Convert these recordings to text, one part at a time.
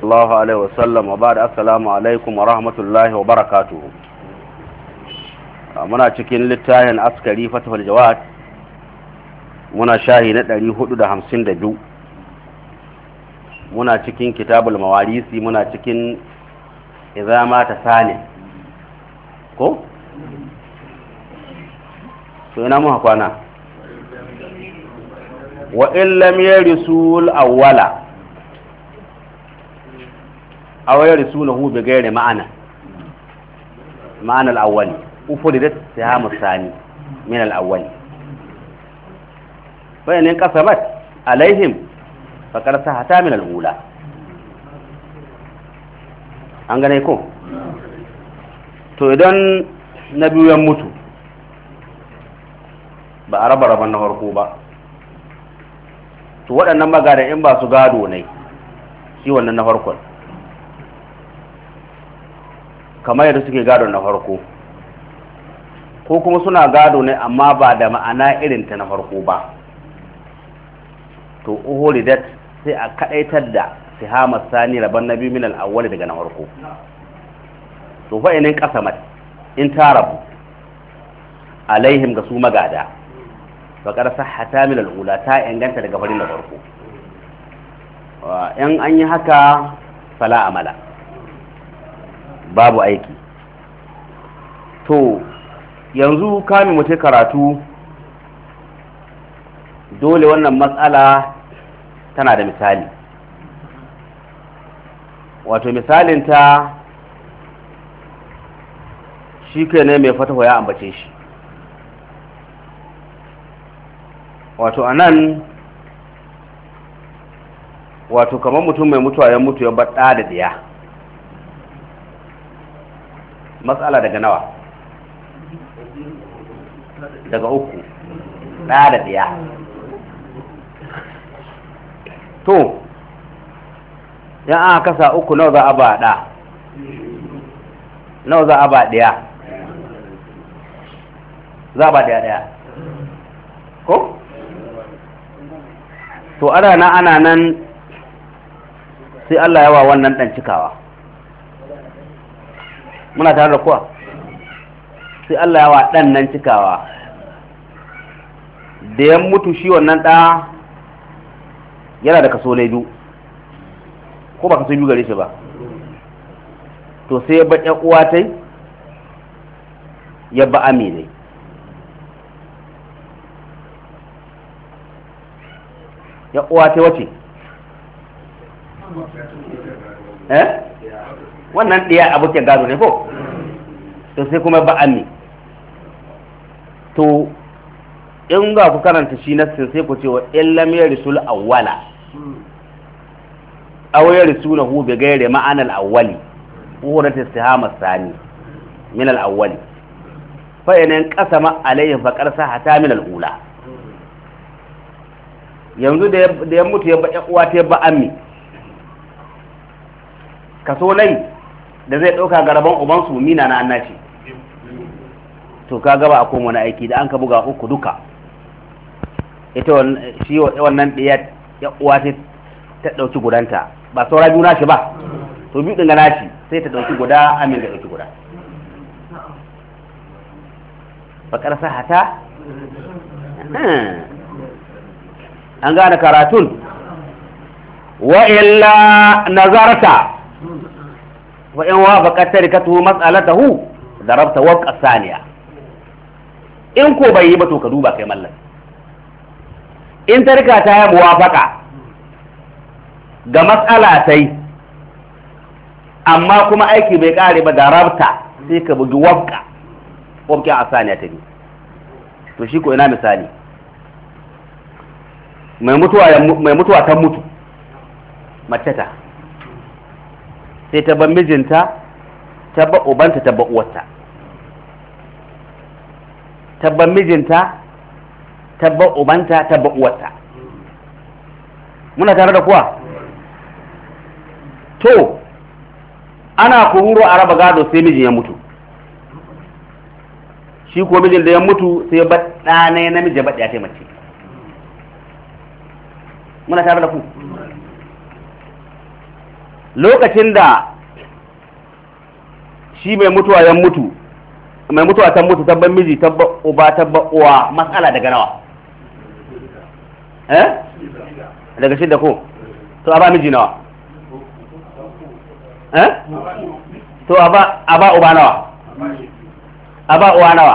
sallallahu alaihi wasallam wa ba'da assalamu alaikum wa rahmatullahi wa barakatuhu muna cikin littafin askari fatahul jawad muna shahi na 452 muna cikin kitabul mawarisi muna cikin izama ta sani ko so ina muka kwana wa illam yarisul awwala aw yarsulahu bi ghairi ma'ana ma'ana al-awwali ufridat siham al-thani min al-awwali fa in qasamat alaihim faqad sahata min al-ula an gane ko to idan na biyan mutu ba a raba raban na farko ba to waɗannan magadan in ba su gado ne shi wannan na farkon kamar yadda suke gado na farko ko kuma suna gado ne amma ba da ma'ana irin ta na farko ba to uhuridat sai a kadaitar da sihamar sani rabon na biyu minal awwali daga na farko to fa inin kasamat in ta rabu alaihim ga su magada bakar sahata minal ula ta inganta daga farin na farko in an yi haka fala amala babu aiki to yanzu kamin mutu karatu dole wannan matsala tana da misali wato misalinta shi ke ne mai fata ya ambace shi wato a nan wato kamar mutum mai mutuwa ya mutu ya baɗa da ɗaya matsala daga nawa daga uku ɗaya da ɗaya to yan aka kasa uku nawa za a ba ɗa nawa za a ba ɗaya za a ba ɗaya ɗaya ko to ana nan ana nan sai Allah yawa wannan ɗan cikawa muna tare da kuwa sai Allah ya wa ɗan nan cikawa da ya mutu shi wannan ɗa yana da kaso na biyu ko ba kaso biyu gare shi ba to sai ya ba ƴan uwa tai ya ba aminai ya uwa ta wace eh wannan ɗaya abokin gado ne ko to sai kuma ba ammi to in ga ku karanta shi nassin sai ku ce wa illam yarisul awwala aw yarisulahu bi ghairi ma'ana al-awwali wurat istihama sani min al-awwali fa in qasama alayhi fa qarsa hatta min al-ula yanzu da ya mutu ya ba uwa ta ba ammi kaso nai da zai ɗauka ga rabon ubansu mina na annaci to ka gaba a koma na aiki da an ka buga uku duka ita shi wannan ɗaya ya uwa ta ta ɗauki gudanta ba saura biyu nashi ba to biyu ɗin ga nashi sai ta ɗauki guda amin ga ɗauki guda bakar hata an gane karatun wa illa nazarta wa in wafaqa tarikatu da darabta waqqa saniya in ko bai yi ba to ka duba kai mallan in tarika ta yi muwafaka ga matsala ta yi amma kuma aiki bai kare ba da rabta sai ka bugi wabka wabkin asaniya ta biyu to shi ko ina misali mai mutuwa ta mutu mace ta sai ta ban mijinta ta ba ubanta ta ba uwarta ta ban mijinta ta ba ubanta ta ba uwarta muna tare da kuwa to ana kururo a raba gado sai mijin ya mutu shi ko mijin da ya mutu sai ba ɗanai namiji ba ɗaya mace muna tare da ku lokacin da shi mai mutuwa ya mutu mai mutuwa ta mutu tabban miji tabba uba tabba uwa matsala daga nawa eh daga shida ko to aba miji nawa eh to aba aba uba nawa aba uwa nawa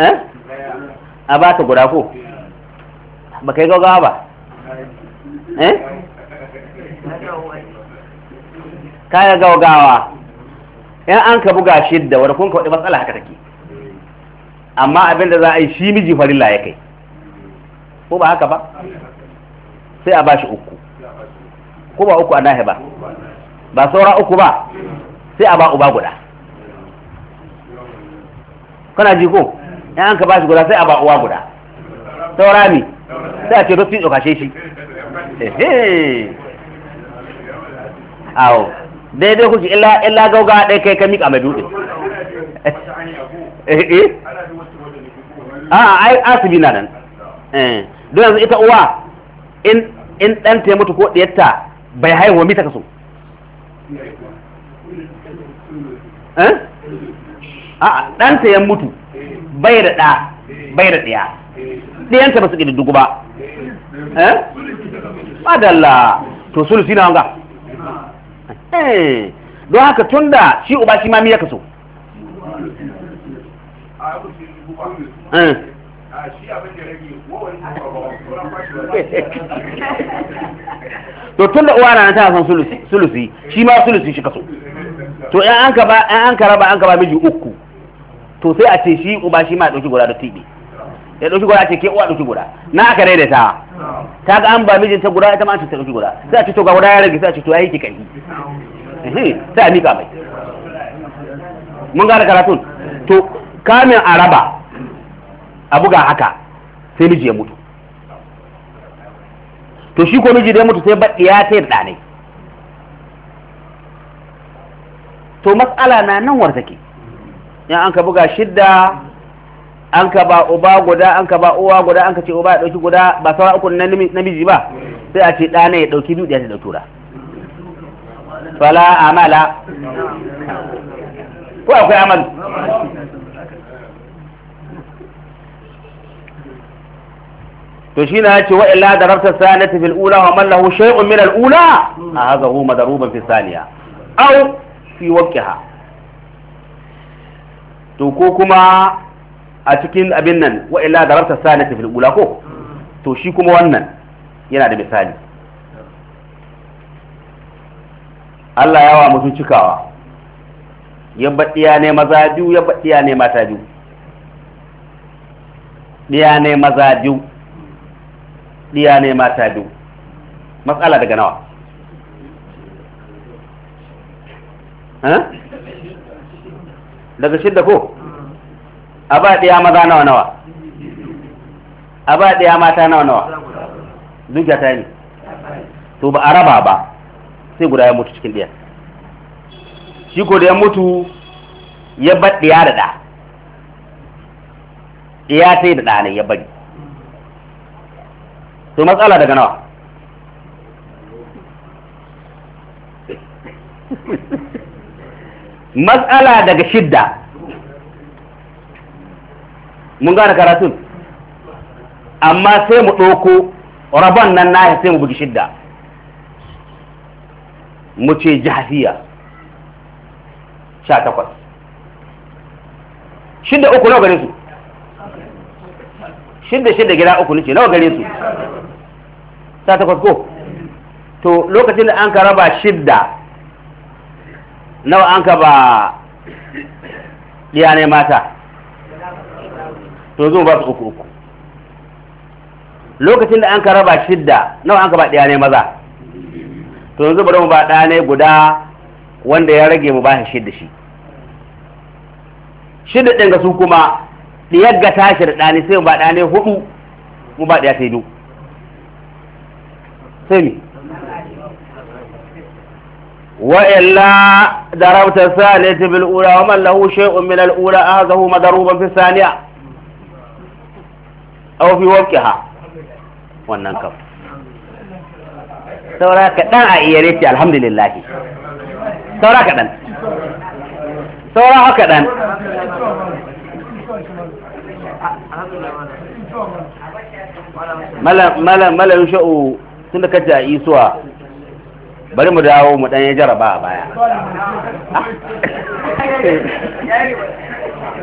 eh aba ta guda ko ba kai gaggawa ba eh kaya gaugawa in an ka buga shidda wani kunka wadda matsala haka take amma abin da za a yi shi miji farilla ya kai ko ba haka ba sai a bashi uku ko ba uku a nahi ba ba saura uku ba sai a ba uba guda kana ji ko in an ka bashi guda sai a ba uwa guda saura mi sai a ce rufin tsokashe shi awo daidai kuke illa illa gauga dai kai ka miƙa mai dutse eh eh a ai asibi na nan eh don yanzu ita uwa in in dan ta mutu ko ɗiyarta bai haihuwa mita kaso eh a dan ta ya mutu bai da da bai da diya diyanta ba su ƙididdugu ba eh madalla to sulusi na wanga Eh, don haka tun da shi uba shi mami ya kaso eh. to tun da uwa na ta san sulusi shi ma sulusi shi kaso to in an ka raba an ka ba miji uku to sai a ce shi uba shi ma ya ɗauki guda da tibi ya ɗauki guda ce ke uwa ɗauki guda na aka daidaita ta ga an ba mijinta guda ita ma ta ɗauki guda sai a ce to ga guda ya rage sai a ce to ya yi ki ƙarfi sai a mika mai mun gane karatun to kamin araba a buga haka sai miji ya mutu to shi ko miji da ya mutu sai baɗi ya ta ɗanai to matsala na nan warta ke in an ka buga shidda an ka ba uba guda an ka ba uwa guda an ka ce uba ya ɗauki guda ba sauran uku na namiji ba sai a ce ɗana ya ɗauki biyu ya ta ɗauki guda فلا عمل وفي عمل تشين هاتي وإلا دربت الثانية في الأولى ومن له شيء من الأولى هذا هو مدروبا في الثانية أو في وقتها تكوكما أتكين أبنن وإلا دربت الثانية في الأولى كو تشيكم وأنن ينادي مثالي Allah yawa mutum cikawa ya baɗiya ne maza biyu ya baɗiya ne mata biyu ɗiya ne maza biyu ɗiya ne mata biyu matsala daga nawa daga shidda ko a ba ɗiya maza nawa nawa a ba ɗiya mata nawa nawa duk ta ne to ba a raba ba sai guda ya mutu cikin ɗiyar shi ko da ya mutu ya bar ɗiya da ɗa ɗiya sai da ɗa ne ya bari to matsala daga nawa matsala daga shidda mun gane karatun amma sai mu ɗauko rabon nan na sai mu bugi shidda mu ce jahafiya sha takwas shidda uku nawa gare su shidda shidda gida uku ne ce nawa gare su sha takwas ko to lokacin da an ka raba shidda nawa an ka ba diyanai mata to zuwa ba su uku uku lokacin da an ka raba shidda nawa an ka ba diyanai maza to yanzu bari mu ba ɗaya ne guda wanda ya rage mu ba shi da shi shida ɗin ga su kuma ɗiyar ga tashi da ɗani sai mu ba ɗaya ne hudu mu ba ɗaya sai biyu sai ne wa illa darabta salati bil ula wa man lahu shay'un min al ula ahazahu madaruban fi thaniya aw fi waqiha wannan kafin saura kaɗan a iya rece alhamdulillah saura kaɗan saura haka kaɗan malayin sha'u tun da kace a isuwa bari mu dawo mu ɗan ya jaraba a baya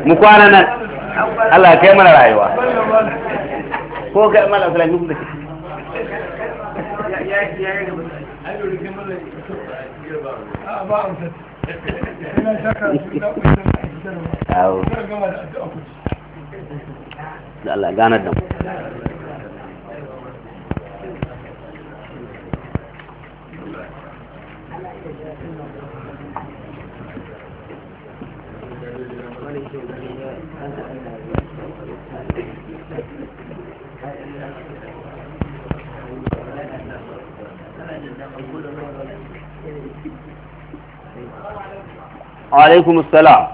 mu kwana nan Allah kai mana rayuwa ko ga malayin sha'u da ke Allah ganar da mu alaikum salam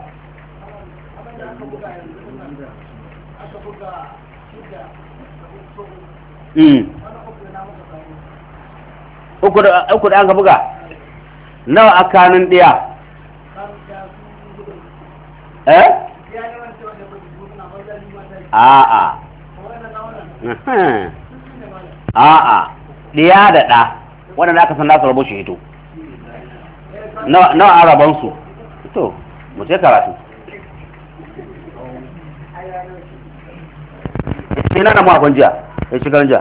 hmm. uku da aka buga nawa a kanin ɗiya eh? a'a a'a ɗiya da ɗa Wadanda aka san nasu rabo shi hito nawa a rabonsu to mu sai karatu sai na namu abin jiya ya shi kan jiya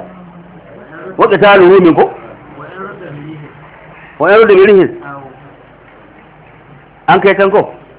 wadda ta lulu min ko? wani rudin rihin an kai kan ko?